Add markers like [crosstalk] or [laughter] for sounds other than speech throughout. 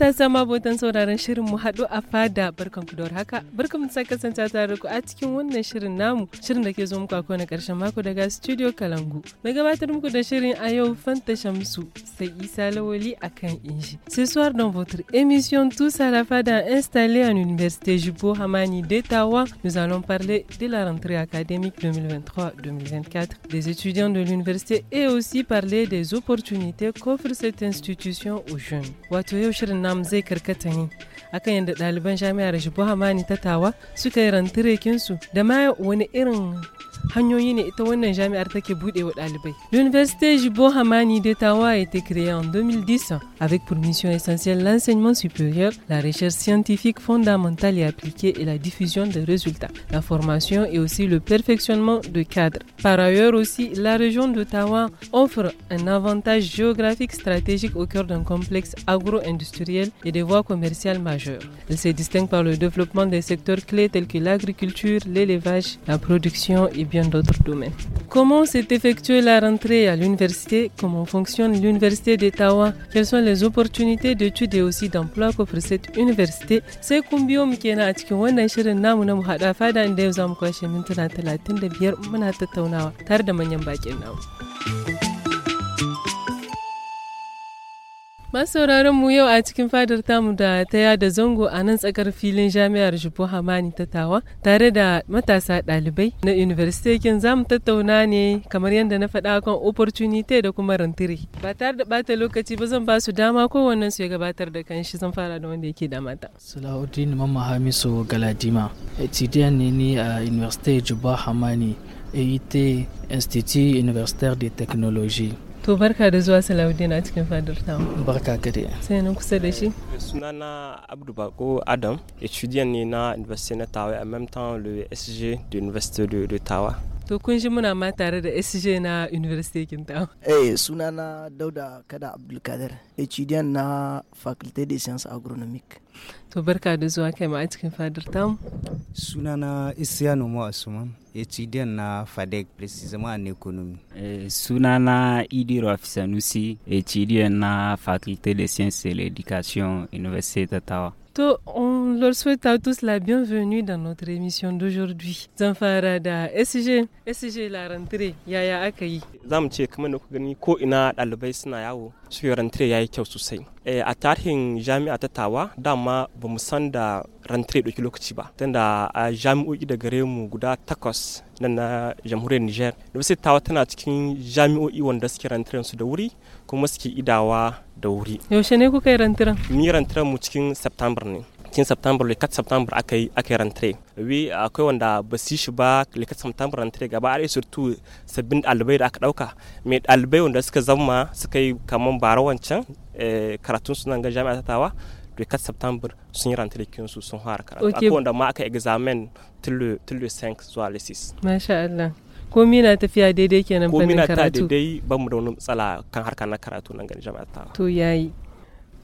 matasa mabotan sauraron shirin mu haɗu a fada barkan ku da haka barkan mu sa kasance tare ku a cikin wannan shirin namu shirin da ke zo muku a kowane ƙarshen mako daga studio kalangu mai gabatar muku da shirin a yau fanta shamsu sai isa lawali akan inji ce soir dans votre émission tous à la fada installée à l'université Jubo Hamani d'Etawa nous allons parler de la rentrée académique 2023-2024 des étudiants de l'université et aussi parler des opportunités qu'offre cette institution aux jeunes wato yau shirin namu zai karkata ne akan yadda ɗaliban jami'ar Shibu Hamani ta tawa suka yi rantirekinsu da ma wani irin L'Université Jibo Hamani d'Ottawa a été créée en 2010 avec pour mission essentielle l'enseignement supérieur, la recherche scientifique fondamentale et appliquée et la diffusion des résultats, la formation et aussi le perfectionnement de cadres. Par ailleurs aussi, la région d'Ottawa offre un avantage géographique stratégique au cœur d'un complexe agro-industriel et des voies commerciales majeures. Elle se distingue par le développement des secteurs clés tels que l'agriculture, l'élevage, la production et bien bien d'autres domaines. Comment s'est effectuée la rentrée à l'université Comment fonctionne l'université d'Ottawa Quelles sont les opportunités d'études et aussi d'emploi qu'offre cette université c'est combien biyo mu kenan a cikin wannan shirin namu na mu hada fada inda yau za mu kwashe mintuna 35 muna tattaunawa tare da manyan bakin namu. Masu masauraran mu yau a cikin fadar tamu da ta yada zango a nan tsakar filin jami'ar Jibo Hamani ta Tawa tare da matasa ɗalibai na University kin za mu tattauna ne kamar yadda na faɗa kan opportunity da kuma rantiri. Ba tare da bata lokaci ba zan ba su dama wannan su ya gabatar da kanshi zan fara da wanda yake da mata. Salahuddin Mamma Hamisu Galadima, etidiyan ne ni a University Jibo Hamani, EIT Institut Universitaire de Technologie. To barka da zuwa a cikin fadar tawa. Barka gare. Sai nan kusa da shi. Sunana Abdu Bako Adam, étudiant ne na university na Tawa, a même temps le SG de l'Université de, de Tawa. To kun shi muna ma tare da SJ na University Kintawa. Eh suna na Dauda Kada Abdulkadir, HDN na Faculty de science Agronomic. To barka da zuwa kai ma a cikin fadar tamu. Suna na Isiyanu asuman HDN na FADEC, Precisement en Economy. Eh, suna na Idiro sanusi HDN na Faculty de Sciences et l'Education, Université Tawa. To, on On leur souhaite à tous la bienvenue dans notre émission d'aujourd'hui. Zan fara da SG, SG la rentrée, yaya aka yi? Za mu ce kamar da ku gani ko ina ɗalibai suna yawo su rentrée ya yi kyau sosai. Eh, a tarihin jami'a ta tawa dama ba mu san da rentrée ɗauki lokaci ba. Tunda a jami'o'i da gare mu guda takwas na na jamhuriyar Niger. University tawa tana cikin jami'o'i wanda suke rantiran su da wuri kuma suke idawa da wuri. Yaushe ne kuka yi rantiran? Ni rantiran mu cikin September ne. 4 september le 4 septembre, on rentre wi il ba su le 4 septembre, le 4 september rentre gaba a le sabbin ɗalibai da aka ɗauka mai ɗalibai wanda suka zama suka yi kamar bara eh, sunan jami'a tawa le 4 septembre sun yi rantar kinsu har. karatu ma examen le 5 zuwa le 6 Combien Allah na tafiya daidai kenan fannin karatu komi na ta daidai ba mu da wani tsala kan harka karatu nan le jami'a to yayi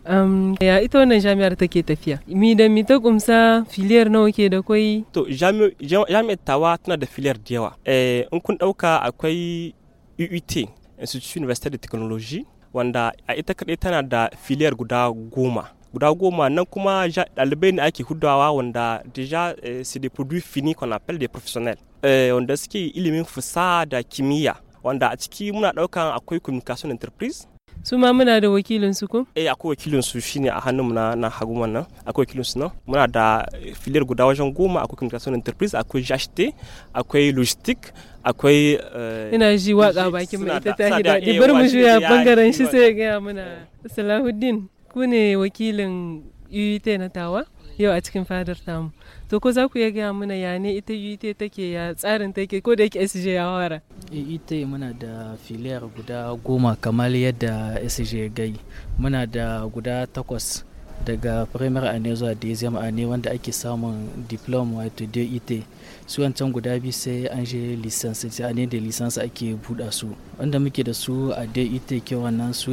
Um, ya ita wannan jami'ar take tafiya? Mi da mi ta kumsa filiyar nawa ke da kwai? To jami'ar tawa tana da filiyar da yawa. Eh, in kun dauka akwai UUT, Institute University of Technology, wanda a ita kaɗai tana da filiyar guda goma. guda goma nan kuma ɗalibai ne ake hudawa wanda deja eh, c'est des produits finis qu'on appelle des professionnels eh, wanda suke ilimin fusa da kimiyya wanda a ciki muna ɗaukan akwai communication enterprise su ma muna da wakilin su ko eh akwai wakilin su shine a hannun na na haguman nan akwai wakilin su nan muna da filiyar guda wajen goma akwai communication enterprise akwai jashte akwai logistic akwai eh, ina ji waka bakin mai ta tahi da eh, bar mu juya bangaren shi sai ga muna Salahuddin ku ne wakilin uit na tawa yau a cikin fadar tamu to ko za ku iya gaya mana ya ne ita yi ta take ya tsarin take ko da yake SJ ya wara eh, UT muna da filiyar guda goma kamar yadda SJ gai muna da guda takwas daga primar ane zuwa dezem ane wanda ake samun diploma wato DIT su un guda sai an je lisansi sai ne da lisansi ake buɗa su wanda muke da su a DIT ke wannan su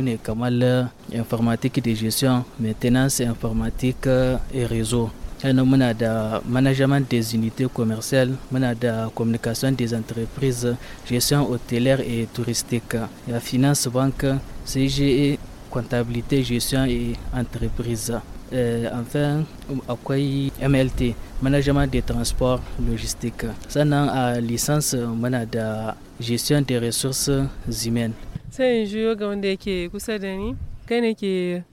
informatique de gestion maintenance informatique et réseau sannan muna da management des unités commerciales muna da communication des entreprises gestion hôtelière et touristique ya finance banque cge comptabilité gestion et entreprises. Euh, enfin akwai mlt management des Transports Logistiques. J'ai a une licence de gestion des ressources humaines C'est un jour ga wanda yake kusa da ni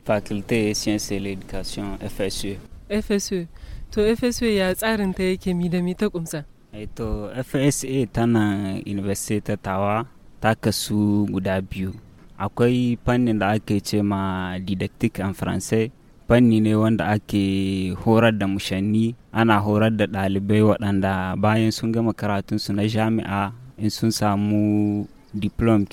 faculté sciences et l'éducation fsu fsu to fsu ya tsarin ta yake mi da mi ta kumsa eh, to fsa tana university ta tawa ta kasu guda biyu akwai fannin da ake ce ma didactic en français fanni ne wanda ake horar da mushanni ana horar da ɗalibai waɗanda bayan sun gama karatunsu na jami'a in sun samu diplom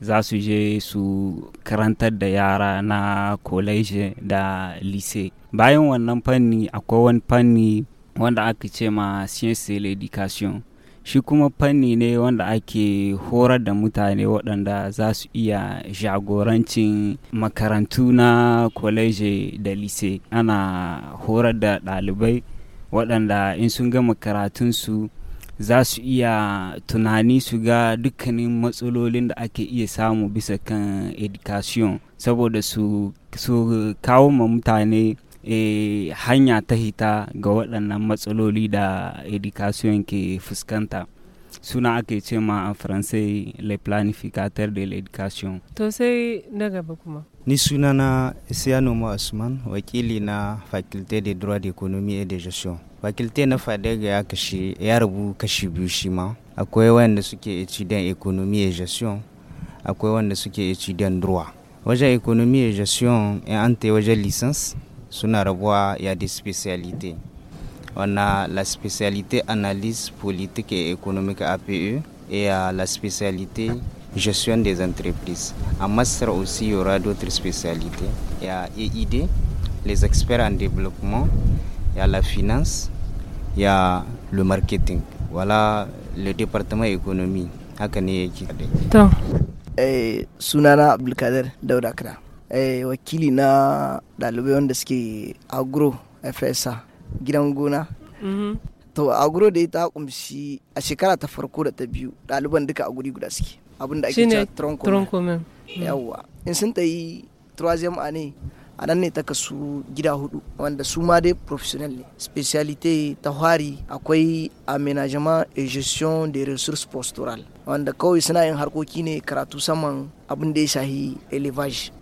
za su je su karantar da yara na college da lise bayan wannan fanni akwai wani fanni wanda aka ce ma science l'education shi kuma fanni ne wanda ake horar da mutane waɗanda za su iya jagorancin makarantu na kwaleje da lise ana horar da ɗalibai waɗanda in sun gama karatunsu za su iya tunani su ga dukkanin matsalolin da ake iya samu bisa kan education saboda su kawo ma mutane Eh, hanya ta hita ga waɗannan matsaloli da education ke fuskanta suna ake ce ma a faransai le planificateur de l'education to sai na gaba kuma ni suna na isiyano usman wakili na faculté de droit d'économie et de gestion faculté na fadega ya kashi ya rubu kashi biyu shi ma akwai wanda suke étudiant économie et gestion akwai wanda suke étudiant droit wajen économie et gestion in an wajen licence il y a des spécialités. On a la spécialité analyse politique et économique APE et la spécialité gestion des entreprises. En master aussi, il y aura d'autres spécialités. Il y a EID, les experts en développement, il y a la finance, il y a le marketing. Voilà le département économie. Eh, wakili na ɗalibai wanda suke agro fsa gidan gona mm-hmm. to agro da ta kumshi a shekara ta farko da ta biyu ɗaliban duka a guri guda suke abinda ake cewa troncomen mm. yawwa in sun ta yi troisième année a nan ne ta kasu gida hudu wanda su ma dai professional ne specialité ta hari akwai aménagement et gestion des ressources pastorales wanda kawai suna yin harkoki ne karatu saman shahi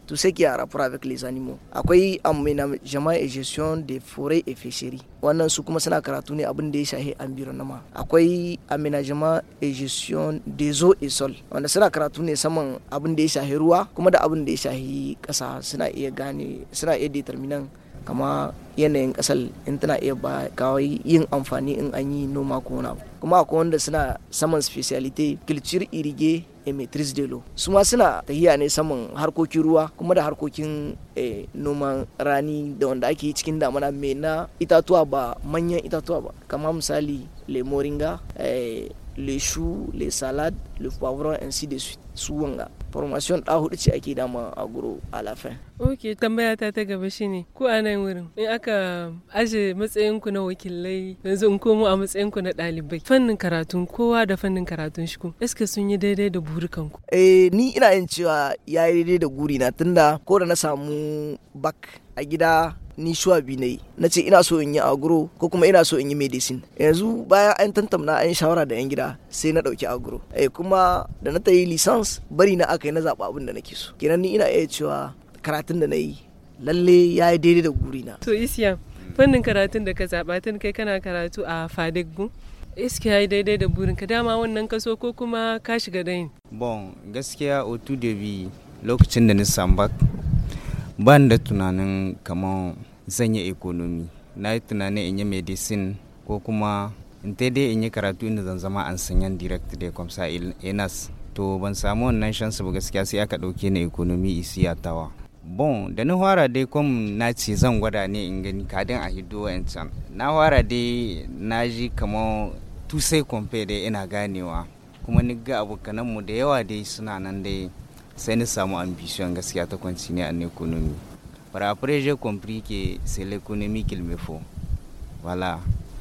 tout ce qui a rapport avec les animaux akwai um, aménagement et gestion des forêts et fisheries wannan su kuma suna karatu ne abin da ya shahi environnement akwai aménagement et gestion des eaux et sols. wanda suna karatu ne saman abin da ya shahi ruwa kuma da da shahi kasa suna iya suna kama yanayin kasar in tana iya ba kawai yin amfani in an yi noma ko wani kuma akwai wanda suna saman speciality culture irige e eh, matrice de l'eau su ma suna tahiya ne saman harkokin ruwa kuma da harkokin eh, noman rani da wanda ake yi cikin damana mai na itatuwa ba manyan itatuwa ba kama misali lemoringa eh, le chou le salade le poivron ainsi de suite su wanga formation da hudu ce ake dama a guro alafin. ok tambaya ta ta gaba shine ku a nan wurin in aka aje matsayin ku na wakilai yanzu in komo a matsayin ku na ɗalibai fannin karatun kowa da fannin karatun shi ku eske sun yi daidai da burukan eh ni ina yin cewa ya yi daidai da guri na tunda ko da na samu bak a gida ni shuwa bi na yi na ce ina so in yi agro ko kuma ina so in yi medicine yanzu bayan an tantamna an shawara da yan gida sai na ɗauki agro eh kuma da na ta yi lisans bari na aka yi na zaɓa abin da nake so kenan ni ina iya cewa karatun da na yi lalle ya yi daidai da guri na. to isiya fannin karatun da ka zaɓa tun kai kana karatu a fadiggu iske ya yi daidai da burinka dama wannan kaso ko kuma ka shiga dayin bon gaskiya otu da bi lokacin da ni sambak ban da tunanin kamar zan yi ekonomi na yi tunanin in yi medicine ko kuma in ta in yi karatu inda zan zama an sanyan direct da kwamsa enas to ban samu wannan shansu ba gaskiya sai aka ɗauke ni ekonomi isi tawa bon da ni fara dai kom na ce zan gwada ne in gani kadin a hiddo yancan na hwara dai na ji kamar tusai kwamfe dai ina ganewa kuma ni ga mu da yawa dai suna nan dai sai ni samu ambition gaskiya ta continuer en économie. Par après j'ai compris que c'est l'économie qu'il me faut. Voilà.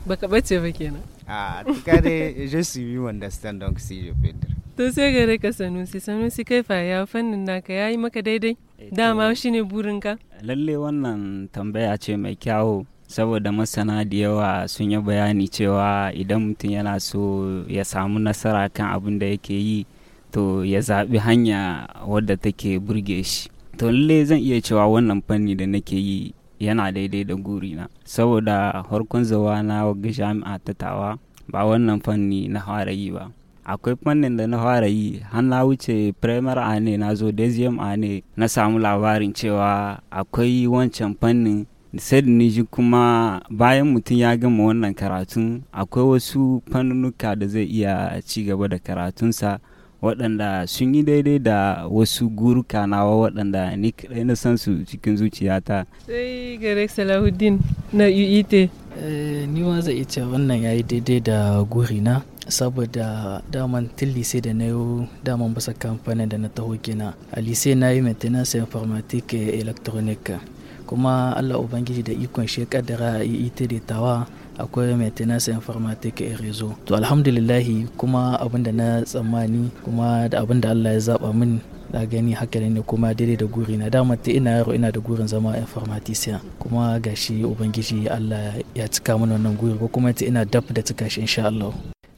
Baka bace ba kenan. Ah, tukare [laughs] je suis understand donc si je peux dire. To sai gare ka Sanusi, Sanusi kai fa ya fannin naka yayi maka daidai. Eh, Dama shine burinka. Lalle wannan tambaya ce mai kyawu. saboda masana da yawa sun yi bayani cewa idan mutum yana so ya samu nasara kan abin da yake yi to ya zaɓi hanya wadda take burge shi to lallai zan iya cewa wannan fanni da nake yi yana daidai da gurina saboda harkon zawa na ga jami'a ta tawa ba wannan fanni na fara yi ba akwai fannin da na fara yi har na wuce primar a ne na zo deziem a ne na samu labarin cewa akwai wancan fannin sai da ni kuma bayan mutum ya gama wannan karatun akwai wasu fannunuka da zai iya ci gaba da karatunsa waɗanda sun yi daidai da wasu guruka nawa waɗanda ni kaɗai na san su cikin zuciyata. Sai gare Salahuddin na UET. Eh, ni ma zai ce wannan ya yi daidai da gurina saboda daman tun lise da na yi daman basa kamfanin da na taho gina a lise na yi maintenance informatique electronique kuma allah ubangiji da ikon shekadara a ita da tawa akwai maintenance informatique et réseau to lillahi kuma abin da na tsammani kuma da abin da Allah ya zaba min da gani haka ne kuma daidai da guri na dama ta ina yaro ina da gurin zama informatician kuma gashi ubangiji Allah ya cika min wannan guri ko kuma ta ina dab da cika shi insha Allah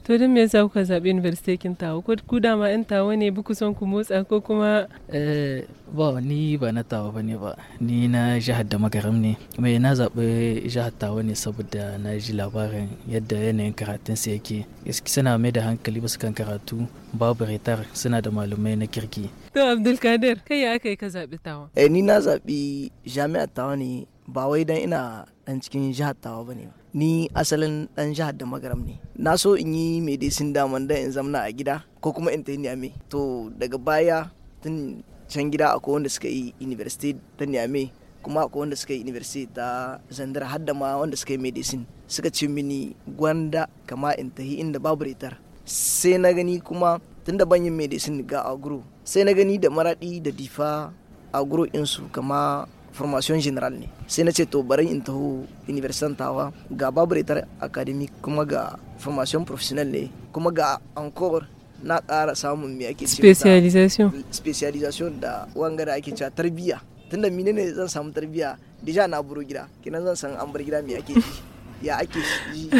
to don me yasa kuka zaɓi university kin tawo ko ku dama yan tawo ne buku son ku motsa ko kuma eh, ba ni ba na tawo ne ba ni na jihar da magaram ne kuma na zaɓi jihar tawo ne saboda na ji labarin yadda yanayin karatun sa yake suna mai da hankali ba su kan karatu babu retar suna da malumai na kirki to abdulkadir kai ya aka yi ka zaɓi tawo eh ni na zaɓi jami'ar tawo ne ba wai dan ina dan cikin jihar tawo ba ne. ni asalin dan jihar da magaram ne na so in yi medicine daman da in zamna a gida ko kuma in tayi niame to daga baya tun can gida akwai wanda suka yi university ta niame kuma akwai wanda suka yi university ta zandar har da ma wanda suka yi medicine suka ce mini gwanda kama in tahi inda babu retar sai na gani kuma tun da ban yin medicine ga agro sai na gani da maradi da difa agro insu kama formation general ne sai na ce to bari in taho universitan tawa ga babu academic kuma ga formation professional ne kuma ga encore na ƙara samun me ake specialization specialization da wangare ake cewa tarbiyya tunda mine ne zan samu tarbiyya deja na buru gida kinan zan san an bar gida me ake ci ya ake shi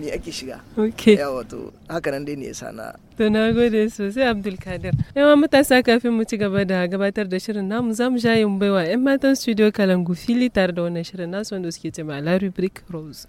me ake shiga okay yawa to haka nan dai ne yasa na to na gode sosai abdulkadir yawa matasa kafin mu ci gaba da gabatar da shirin namu za mu sha yin baiwa yan matan studio kalangu fili tare da wannan shirin nasu wanda suke ce ma la rubrique rose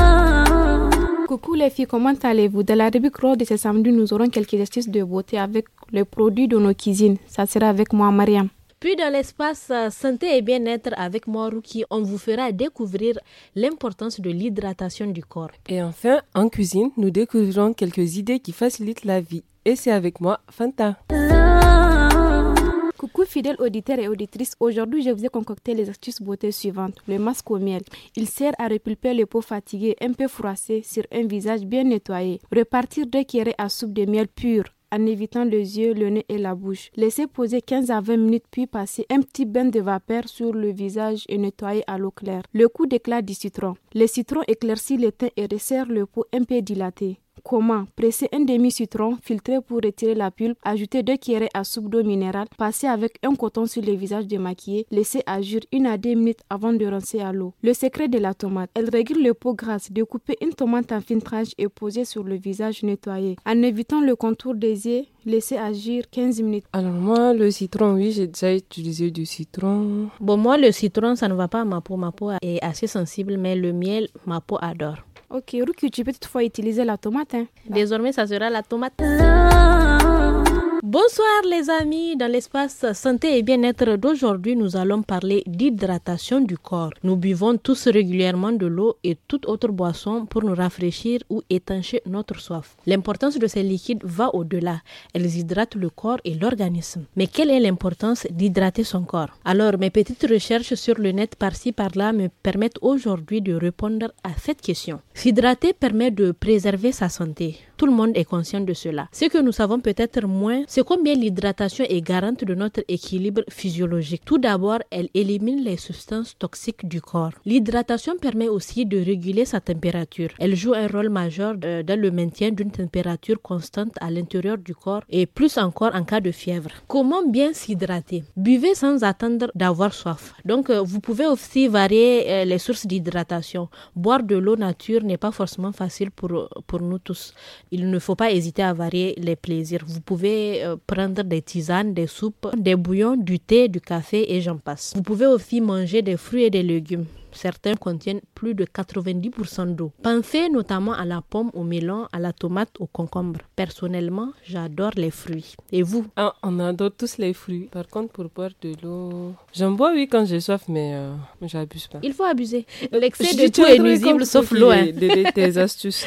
coucou les filles, comment allez-vous Dans la rubrique Rose de ce samedi, nous aurons quelques astuces de beauté avec les produits de nos cuisines. Ça sera avec moi, Mariam. Puis dans l'espace euh, santé et bien-être avec moi, Ruki, on vous fera découvrir l'importance de l'hydratation du corps. Et enfin, en cuisine, nous découvrirons quelques idées qui facilitent la vie. Et c'est avec moi, Fanta. Coucou fidèles auditeurs et auditrices, aujourd'hui je vous ai concocté les astuces beauté suivantes. Le masque au miel, il sert à repulper le peaux fatiguées un peu froissées sur un visage bien nettoyé. Repartir deux cuillerées à soupe de miel pur en évitant les yeux, le nez et la bouche. Laissez poser 15 à 20 minutes puis passer un petit bain de vapeur sur le visage et nettoyer à l'eau claire. Le coup d'éclat du citron. Le citron éclaircit le teint et resserre le peau un peu dilatée. Comment Presser un demi-citron, filtré pour retirer la pulpe, ajouter deux cuillerées à soupe d'eau minérale, passer avec un coton sur le visage démaquillé, laisser agir une à deux minutes avant de rincer à l'eau. Le secret de la tomate. Elle régule le pot grasse, découper une tomate en fines tranches et poser sur le visage nettoyé. En évitant le contour des yeux, laisser agir 15 minutes. Alors moi, le citron, oui, j'ai déjà utilisé du citron. Bon, moi, le citron, ça ne va pas à ma peau. Ma peau est assez sensible, mais le miel, ma peau adore. Ok, Ruki, tu peux toutefois utiliser la tomate. Hein. Désormais, ça sera la tomate. Bonsoir les amis, dans l'espace santé et bien-être d'aujourd'hui, nous allons parler d'hydratation du corps. Nous buvons tous régulièrement de l'eau et toute autre boisson pour nous rafraîchir ou étancher notre soif. L'importance de ces liquides va au-delà. Elles hydratent le corps et l'organisme. Mais quelle est l'importance d'hydrater son corps Alors, mes petites recherches sur le net par-ci par-là me permettent aujourd'hui de répondre à cette question. S'hydrater permet de préserver sa santé tout le monde est conscient de cela. Ce que nous savons peut-être moins, c'est combien l'hydratation est garante de notre équilibre physiologique. Tout d'abord, elle élimine les substances toxiques du corps. L'hydratation permet aussi de réguler sa température. Elle joue un rôle majeur euh, dans le maintien d'une température constante à l'intérieur du corps et plus encore en cas de fièvre. Comment bien s'hydrater Buvez sans attendre d'avoir soif. Donc, euh, vous pouvez aussi varier euh, les sources d'hydratation. Boire de l'eau nature n'est pas forcément facile pour, pour nous tous il ne faut pas hésiter à varier les plaisirs. Vous pouvez euh, prendre des tisanes, des soupes, des bouillons, du thé, du café et j'en passe. Vous pouvez aussi manger des fruits et des légumes. Certains contiennent plus de 90% d'eau. Pensez notamment à la pomme, au melon, à la tomate, au concombre. Personnellement, j'adore les fruits. Et vous ah, On adore tous les fruits. Par contre, pour boire de l'eau, j'en bois oui quand j'ai soif, mais euh, j'abuse pas. Il faut abuser. Euh, L'excès de tout est nuisible sauf l'eau. Hein. tes astuces.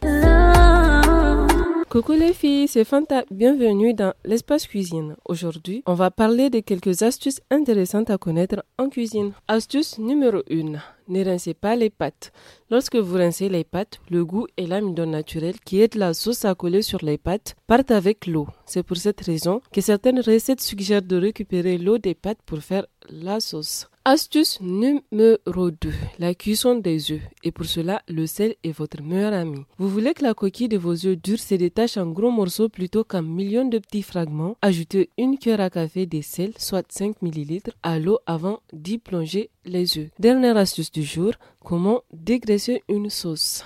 [laughs] Coucou les filles, c'est Fanta. Bienvenue dans l'espace cuisine. Aujourd'hui, on va parler de quelques astuces intéressantes à connaître en cuisine. Astuce numéro 1. Ne rincez pas les pâtes. Lorsque vous rincez les pâtes, le goût et l'amidon naturel qui aide la sauce à coller sur les pâtes partent avec l'eau. C'est pour cette raison que certaines recettes suggèrent de récupérer l'eau des pâtes pour faire la sauce. Astuce numéro 2, la cuisson des œufs. Et pour cela, le sel est votre meilleur ami. Vous voulez que la coquille de vos œufs durs se détache en gros morceaux plutôt qu'en millions de petits fragments. Ajoutez une cuillère à café de sel, soit 5 ml, à l'eau avant d'y plonger les œufs. Dernière astuce du jour, comment dégraisser une sauce.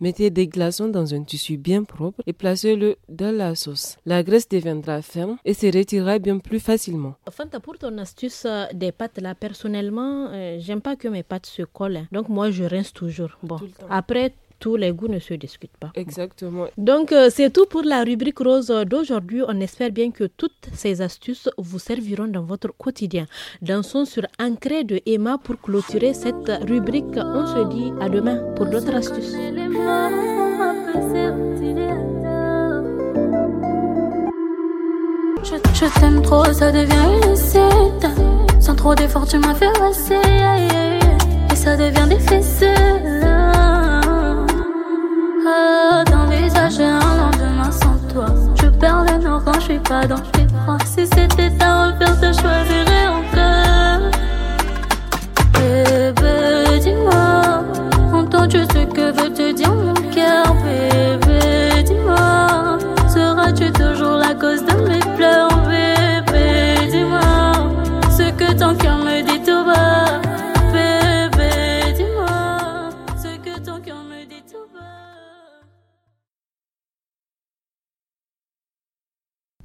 Mettez des glaçons dans un tissu bien propre et placez-le dans la sauce. La graisse deviendra ferme et se retirera bien plus facilement. Fanta, pour ton astuce des pâtes, là, personnellement, euh, j'aime pas que mes pâtes se collent. Donc, moi, je rince toujours. Bon, Tout après tous les goûts ne se discutent pas. Exactement. Donc, euh, c'est tout pour la rubrique rose d'aujourd'hui. On espère bien que toutes ces astuces vous serviront dans votre quotidien. Dansons sur Ancré de Emma pour clôturer cette rubrique. On se dit à demain pour d'autres astuces. trop, Sans Et ça devient mode, et un lendemain sans toi. Je perds le nord quand je suis pas dans tes bras. Si c'était ta repère, je choisirais encore. Bébé, dis-moi, entends-tu ce que veut te dire mon cœur? Bébé, dis-moi, seras-tu toujours la cause de mes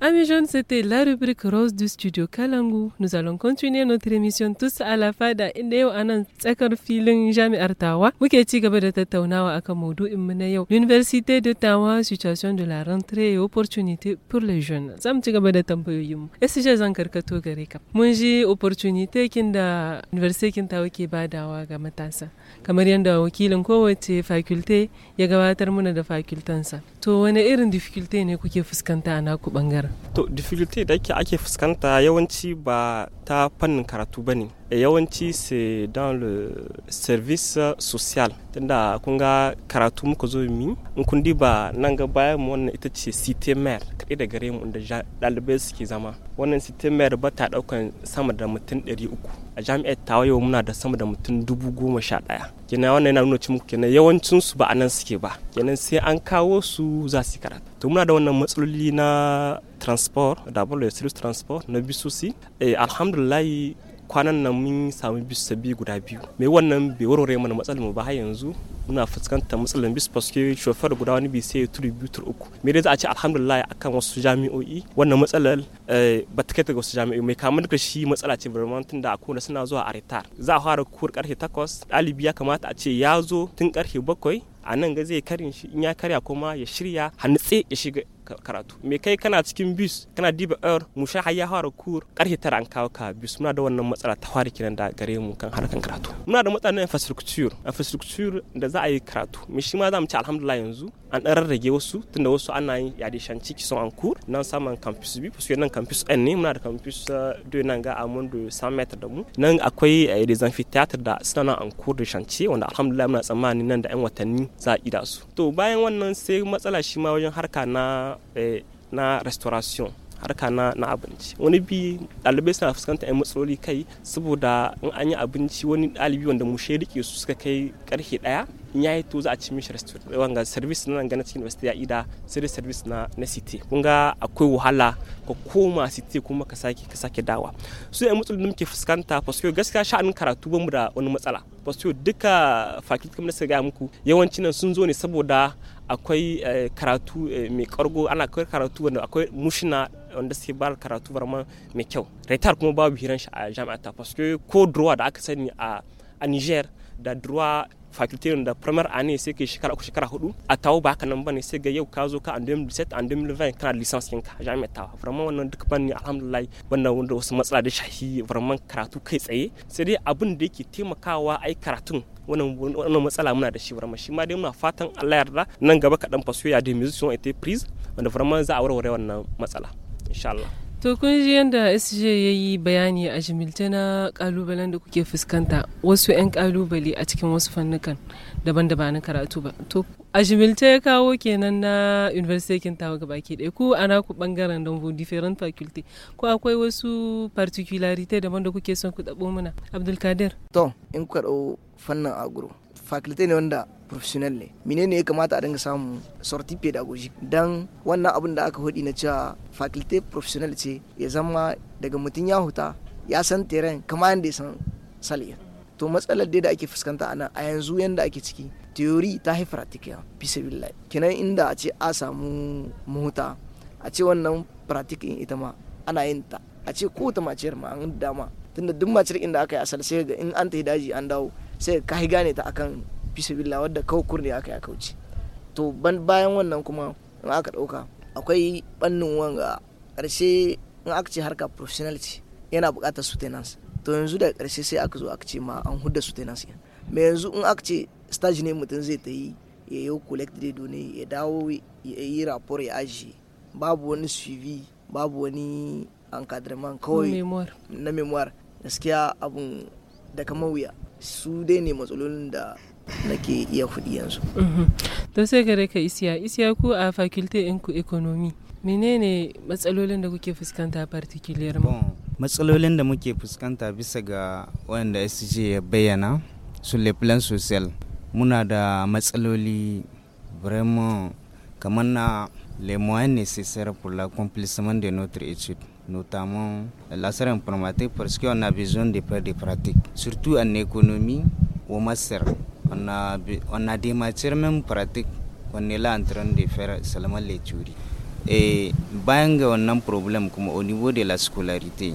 Amis jeunes, c'était la rubrique rose du studio Kalangu. Nous allons continuer notre émission tous à la fin inda yau anan tsakar filin jami'ar artawa. muke ci gaba da tattaunawa akan maudu'in mu na yau. L'université de Tawa situation de la rentrée et opportunités pour les jeunes. Za ci gaba da tambayoyin mu. Esi je zan karkato gare ka. Mun ji opportunité kin da university kin Tawa ke badawa ga matasa. kamar yadda wakilin kowace fakulte ya gabatar mana da fakultansa to wani irin difficulty ne kuke fuskanta a naku bangaren to difficulty da ake fuskanta yawanci ba ta fannin karatu ba ne e yawanci sai dans le service social tunda kun ga karatu muka zo mi in kun diba nan ga bayan mu wannan ita ce cité maire kaɗai da gare mu inda ɗalibai suke zama wannan cité maire ba ta ɗaukan sama da mutum ɗari uku a jami'ar tawayo muna da sama da mutum dubu goma kenan wannan yana nuna kenan yawancin su ba anan suke ba kenan sai an kawo su za su karatu to muna da wannan matsaloli na transport da abin da service transport na bisusi eh, alhamdulillah kwanan nan mun samu biyu guda biyu mai wannan bai warware mana matsalar mu ba har yanzu muna fuskantar matsalar bis paske shofar guda wani bisa ya turu biyu turu uku me dai za a ce alhamdulillah akan wasu jami'o'i wannan matsalar eh, ba ta kai ta wasu jami'o'i mai kamar da shi matsala ce birman da a suna zuwa a retar za a fara kuwar karfe takwas ɗalibi ya kamata a ce ya zo tun karfe bakwai a nan ga zai karin shi in ya karya kuma ya shirya tse ya shiga karatu me kai kana cikin bus kana diba hour musha sha ya fara kur karfe tara an kawo ka bus muna da wannan matsala ta fara kiran da gare mu kan harkan karatu muna da na infrastructure infrastructure da za a yi karatu me shi ma za mu ci alhamdulillah yanzu an dan rarrage wasu tunda wasu ana yin yadishan ciki son an kur nan saman campus bi parce nan campus N ne muna da campus eh, do nan ga a mun do 100 da mu nan akwai eh, des amphitheater da suna nan an kur da shance wanda alhamdulillah muna tsammani nan da yan watanni za a ida su to bayan wannan sai matsala shi ma wajen harka na na eh, na restoration harka na, na abinci wani bi ɗalibai suna fuskantar yan matsaloli kai saboda in an yi abinci wani ɗalibi wanda mushe rike su suka kai karfe daya in ya to za a ci mishi wanga service na gana cikin university ya ida sai da service na na city kun ga akwai wahala ka koma city kuma ka sake ka sake dawa su yan matsaloli da muke fuskanta fasko gaskiya sha'anin karatu mu da wani matsala fasko duka faculty kuma da suka gaya muku yawanci nan sun zo ne saboda akwai eh, karatu eh, mai kargo ana akwai karatu wanda akwai mushina wanda suke ba karatu barma mai kyau retar kuma babu hiran shi a jami'a ta paske ko droit da aka sani a niger da droit faculty da primar année sai kai shekara uku shekara hudu a tawo ba haka nan bane sai ga yau ka zo ka an 2017 an 2020 kana licence ɗinka a jami'a ta vraiment wannan duk bane alhamdulillah wannan wanda wasu matsala da shahi vraiment karatu kai tsaye sai dai abin da yake taimakawa ai karatun wannan matsala muna da shi vraiment shi ma dai muna fatan Allah yarda nan gaba kaɗan ya da musician ita prise wanda vraiment za a warware wannan matsala insha Allah to kun ji yadda SJ ya yi bayani a jimilta na kalubalen da kuke fuskanta wasu 'yan kalubale a cikin wasu fannukan daban da na karatu ba to a jimilta ya kawo kenan na university kin tawo gaba ke ɗaya ko ana ku bangaren don different faculty ko akwai wasu particularity daban da kuke son ku tabo mana abdulkadir to in ku ɗau fannin agro faculty ne wanda professional ne Mine ne ya kamata a dinga samu sorti pedagogic dan wannan abin da aka hudi na cewa faculty professional ce ya zama daga mutum ya huta ya san terrain kamar yadda ya san saliya. to matsalar dai da ake fuskanta a nan a yanzu yanda ake ciki theory ta haifi practical bisa kinan inda a ce a samu mota a ce wannan practical ita ma ana yin ta a ce ko ta maciyar ma an dama tunda duk maciyar inda aka yi asal sai ga in an yi daji an dawo sai ka gane ta akan bisa billahi wadda kawo ne aka yi kauce to bayan wannan kuma in aka ɗauka akwai bannin wanga karshe in aka ce harka professional ce yana bukatar sutenance to yanzu daga karshe sai aka zo aka ce ma an hudda su tenansi me yanzu in aka ce stage ne mutum zai ta yi ya yi collect redo ne ya dawo ya yi rapor ya ajiye babu wani cv babu wani encadrament kawai na memoir gaskiya abun da kama wuya su dai ne matsalolin da nake iya kuɗi yanzu mhm. to sai gare ka isiya isiya ku a faculty ɗinku economy menene matsalolin da kuke fuskanta particular matsalolin da muke fuskanta bisa ga wanda sj ya bayyana le plan social muna da matsaloli vraiment on na les moyens nécessaires pour l'accomplissement de notre étude notamment la sœur informatique parce qu'on a besoin de faire des pratiques surtout en économie au master on a, on a des matières même pratiques on est là en train de faire seulement les théories eh, bayan ga wannan problem kuma au niveau de la scolarité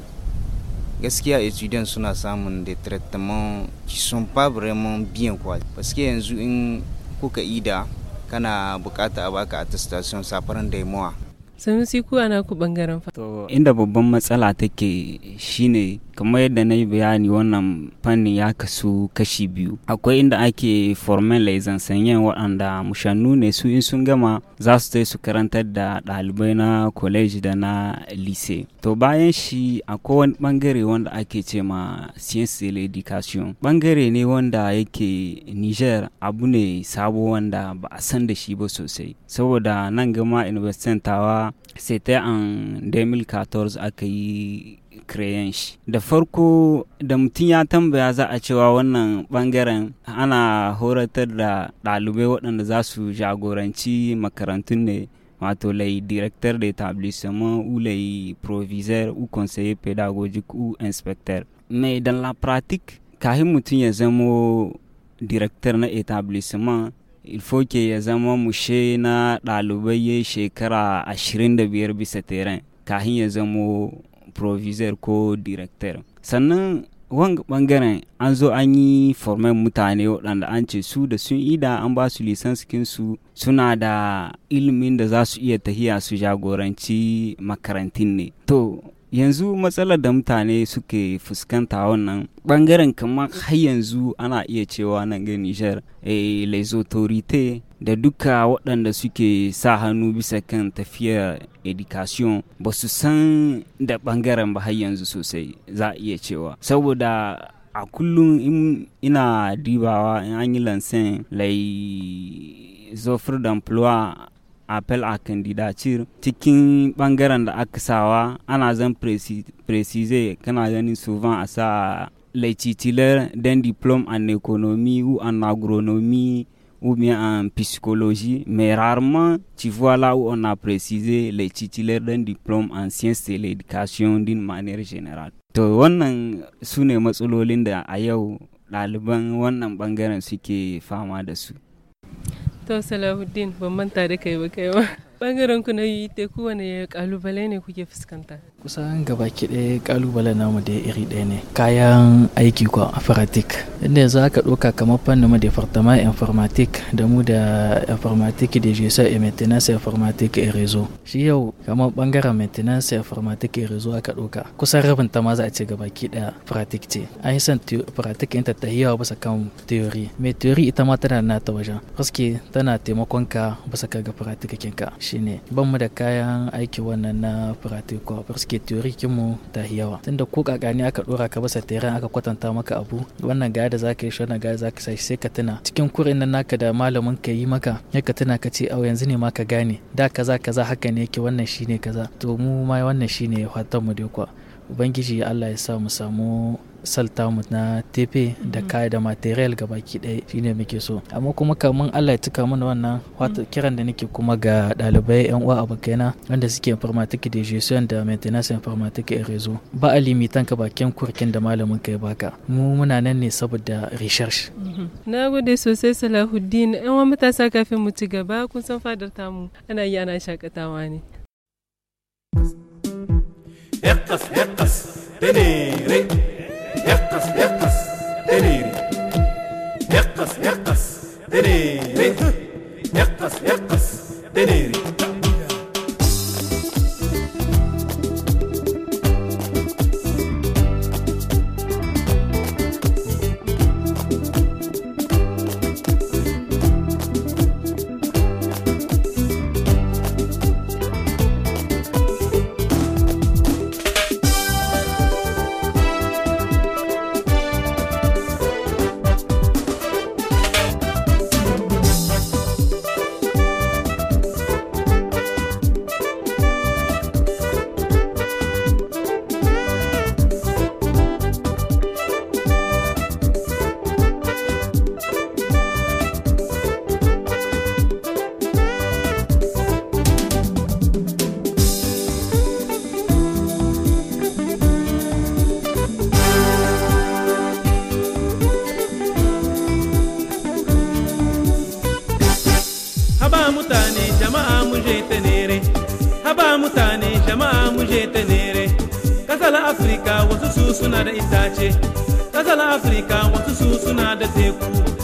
gaskiya étudiants suna samun de traitement qui sont pas vraiment bien quoi parce que yanzu in kuka ida kana bukata a baka attestation safaran daimuwa sanusi kuwa ana ku bangaren fa inda babban matsala take shine kamar yadda na yi bayani wannan fannin ya kasu kashi biyu akwai inda ake formal sanyen waɗanda mushannu ne su in sun gama za su su karantar da ɗalibai na college da na lise to bayan shi akwai wani ɓangare wanda ake ce ma science de education. ɓangare ne wanda yake niger abu ne sabo wanda ba a san da shi ba sosai saboda nan gama university tawa sai ta an 2014 aka yi kreyan shi da farko da mutum ya tambaya za a cewa wannan bangaren ana horatar da ɗalibai waɗanda za su jagoranci makarantun ne wato lai directeur d'établissement ou lai proviseur ou conseiller pédagogique ou inspecteur mais dans la pratique kahin mutum ya zamo director na etablissement il faut que ya zama mushe na ɗalibai ya shekara 25 bisa terrain kahin ya zamo provisor ko director sannan wanga bangaren an zo an yi formen mutane waɗanda an ce su da sun ida an ba su su suna da ilimin da za su iya tahiya su jagoranci makarantin ne to yanzu matsalar da mutane suke fuskanta wannan bangaren kamar har yanzu ana iya cewa nan ga nijar eh, les autorités da duka waɗanda suke sa hannu bisa kan tafiyar education ba su san da ɓangaren ba har yanzu sosai za a iya cewa saboda a kullum in ina dibawa in an yi lansin lai zofir a appel a candidature cikin ɓangaren da aka sawa ana zan precise kana ganin suvan a sa lai titulaires d'un diplôme an économie u an ou bien en psychologie, mais rarement tu vois là où on a précisé les titulaires d'un diplôme ancien c'est l'éducation d'une manière générale. To wannan su ne da a yau ɗaliban wannan ɓangaren suke fama da su. To Salahuddin ban manta da kai ba kai ku na yi te ne kuke fuskanta. kusan gabaki ɗaya kalubalen namu da iri ɗaya ne kayan aiki ko aparatik inda yanzu aka ɗauka kamar fannin mu fartama informatik da mu da informatik da sa ya maintenance informatik e rezo shi yau kamar bangaren maintenance informatik e rezo aka ɗauka kusan rabin ta ma za a ce gabaki ɗaya pratik ce an yi son pratik ɗinta ta yawa bisa kan teori mai teori ita ma tana na ta wajen gaske tana taimakon ka bisa ka ga pratik kinka shine ban mu da kayan aiki wannan na pratik kuwa suke kin mu ta yawa tunda ko kakani aka dora ka basa tayaran aka kwatanta maka abu wannan gaya da zaka yi shi wannan gaya zaka sai sai ka tuna cikin kurin nan naka da malamin ka yi maka ya ka tuna ka ce au yanzu ne ma ka gane da kaza kaza haka ne yake wannan shine kaza to mu ma wannan shine fatan mu dai kwa ubangiji allah ya sa mu samu salta mu na tefe da mhm. kaya da material ga baki ɗaya shine muke so amma kuma kamun Allah ya tuka mana wannan wata mhm. kiran da nake kuma ga ɗalibai yan uwa abokaina wanda suke informatique de gestion da maintenance informatique et réseau ba a limitan ka bakin kurkin da malamin ka ya baka mu muna nan ne saboda research mhm. na gode sosai Salahuddin yan uwa matasa kafin mu ci gaba kun san fadar tamu ana yi ana shakatawa ne Ertas, ertas, tenere. Ertas, ertas, tenere. Ertas, ertas, tenere. Ertas, ertas, tenere. suna da itace ƙasar afrika wasu su suna da teku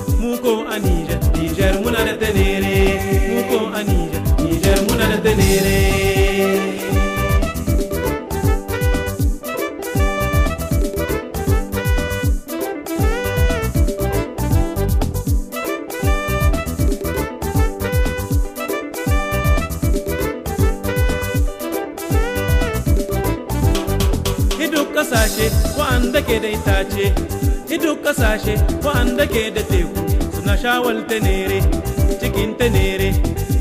shawal tenere cikin ta nere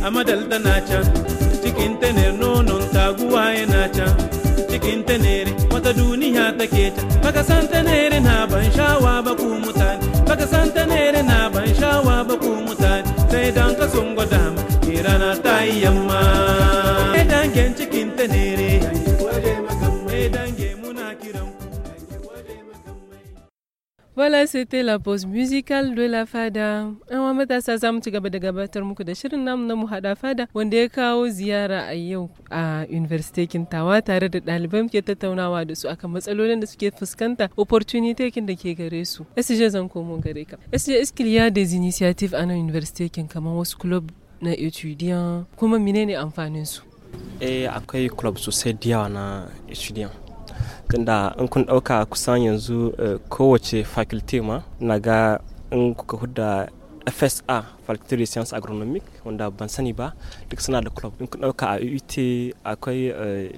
a madal na can Voilà, c'était la pause musicale de la fada. An matasa za mu ci gaba da gabatar muku da shirin namu na muhada fada wanda ya kawo ziyara a yau a University Kintawa tare da ɗaliban ke tattaunawa da su akan matsalolin da suke fuskanta opportunity kin da ke gare su. SJ zan komo gare ka. SJ iskil ya des initiatives a nan University Kin kamar wasu club na étudiant kuma menene amfanin su? Eh akwai club sosai da yawa na étudiant. tunda in kun ɗauka kusan yanzu eh, kowace faculty ma na ga in kuka hudda fsa faculty science agronomic wanda ban sani ba duk suna da club in kun ɗauka a uit e akwai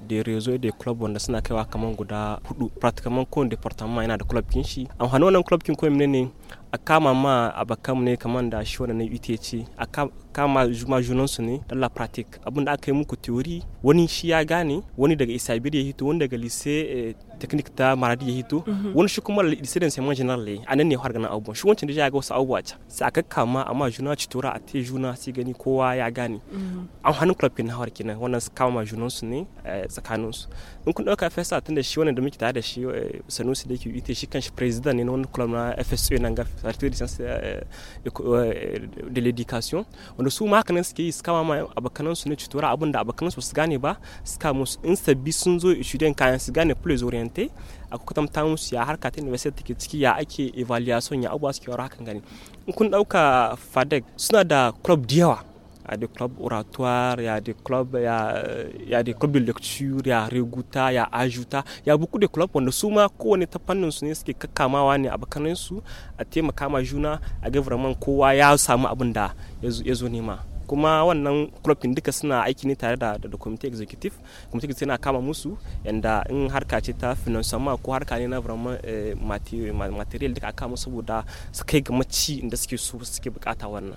da rezo da club wanda suna kaiwa kaman guda hudu pratikaman kowane department yana da club kin shi amfanin wannan club kin ko ne a kama ma a bakan ne kaman da shi wannan uit e ce kama juma su ne don la pratique abin da aka yi muku teori wani shi ya gane wani daga isabir ya hito wani daga lise eh, technique ta maradi ya hito mhm. wani shi kuma lise da sayan general ne a nan ne har gana abubuwan shi wancan da ya ga wasu abubuwa can sai aka kama amma juna ci tora a te juna sai gani kowa ya gane mhm. an hannun kulafi na hawar kenan wannan su kama su ne eh, su in kun ɗauka fesa tun da shi wani da muke tare da shi eh, sanusi da yake ita shi kanshi president ne na wani kulafi na fsu nan ga sartori da l'education wanda su ma hakanan suke yi su kama ma abokanan su na cutura abun da abokanan su su gane ba su kama su in sabbi sun zo ishirin kayan su gane plus oriente a tamta musu ya harka ta university take ciki ya ake evaluation ya abuwa suke wara hakan gani in kun dauka fadeg suna da club da yawa Il y a des clubs oratoires, il y a des clubs, il y a, il y a des clubs de lecture, il y a Reguta, il y a Ajuta, il y a beaucoup de clubs wanda su ma kowane ta fannin su ne suke kakkamawa ne a bakanin su a taimaka ma juna a ga vraiment kowa ya samu abin da ya zo kuma wannan clubin duka suna aiki ne tare da da committee executive committee executive yana kama musu yanda in harka ce ta financement ko harka ne na vraiment eh, material duka aka musu saboda su kai ga maci inda suke so suke bukata wannan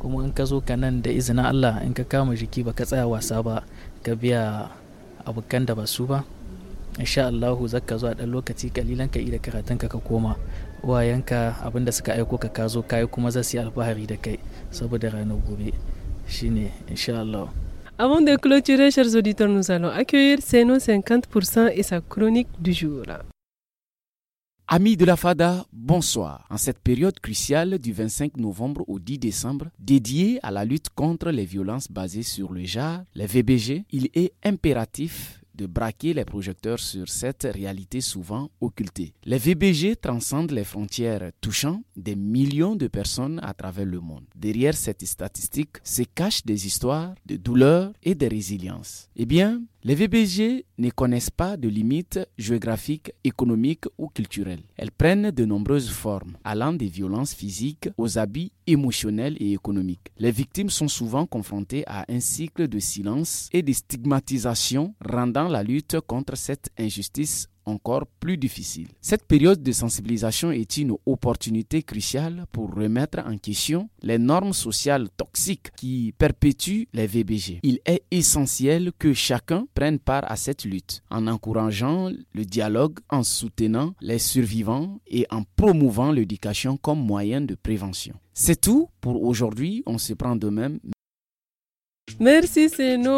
kuma in ka zo ka nan da izinin allah in ka kama jiki ba ka tsaya wasa ba ka biya abokan da ba su ba insha allahu ka zo a ɗan lokaci kalilan ka da karatun ka ka koma wayanka abinda suka aiko ka ka zo kayi kuma za su yi alfahari da kai saboda ranar gobe shine insha allahu Avant de clôturer, chers auditeurs, nous allons accueillir Seno 50% et sa chronique du jour. Amis de la FADA, bonsoir. En cette période cruciale du 25 novembre au 10 décembre, dédiée à la lutte contre les violences basées sur le genre, les VBG, il est impératif de braquer les projecteurs sur cette réalité souvent occultée. Les VBG transcendent les frontières, touchant des millions de personnes à travers le monde. Derrière cette statistique se cachent des histoires de douleur et de résilience. Eh bien, les VBG ne connaissent pas de limites géographiques, économiques ou culturelles. Elles prennent de nombreuses formes, allant des violences physiques aux abus émotionnels et économiques. Les victimes sont souvent confrontées à un cycle de silence et de stigmatisation, rendant la lutte contre cette injustice encore plus difficile. Cette période de sensibilisation est une opportunité cruciale pour remettre en question les normes sociales toxiques qui perpétuent les VBG. Il est essentiel que chacun prenne part à cette lutte en encourageant le dialogue, en soutenant les survivants et en promouvant l'éducation comme moyen de prévention. C'est tout pour aujourd'hui, on se prend de même. Merci c'est nous.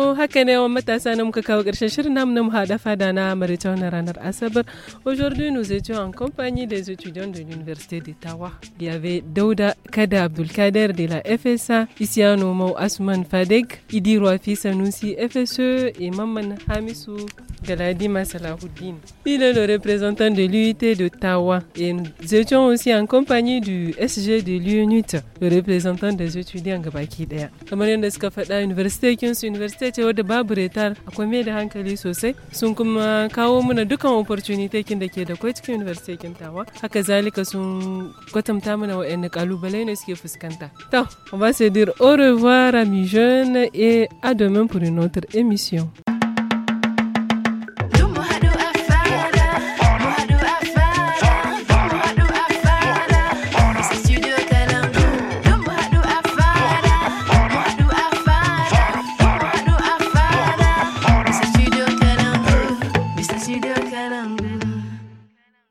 Aujourd'hui, nous étions en compagnie des étudiants de l'Université Tawa. Il y avait Douda Kada Abdulkader de la FSA, Isiano Mou Asuman Fadek, Idi Rouafi Sanusi FSE et Maman Hamissou. Galadi Masalahoudine. Il est le représentant de l'UIT de Tawa et nous étions aussi en compagnie du SG de l'UNIT, le représentant des étudiants gabaki daya. Kamar yadda suka faɗa university kinsu university ce à babu retar akwai mai da hankali sosai sun kuma kawo mana dukkan opportunity kin da ke da kwai une université kin Tawa. Haka zalika sun kwatanta mana waɗanne kalubale ne suke fuskanta. Donc, on va se dire au revoir amis jeunes et à demain pour une autre émission.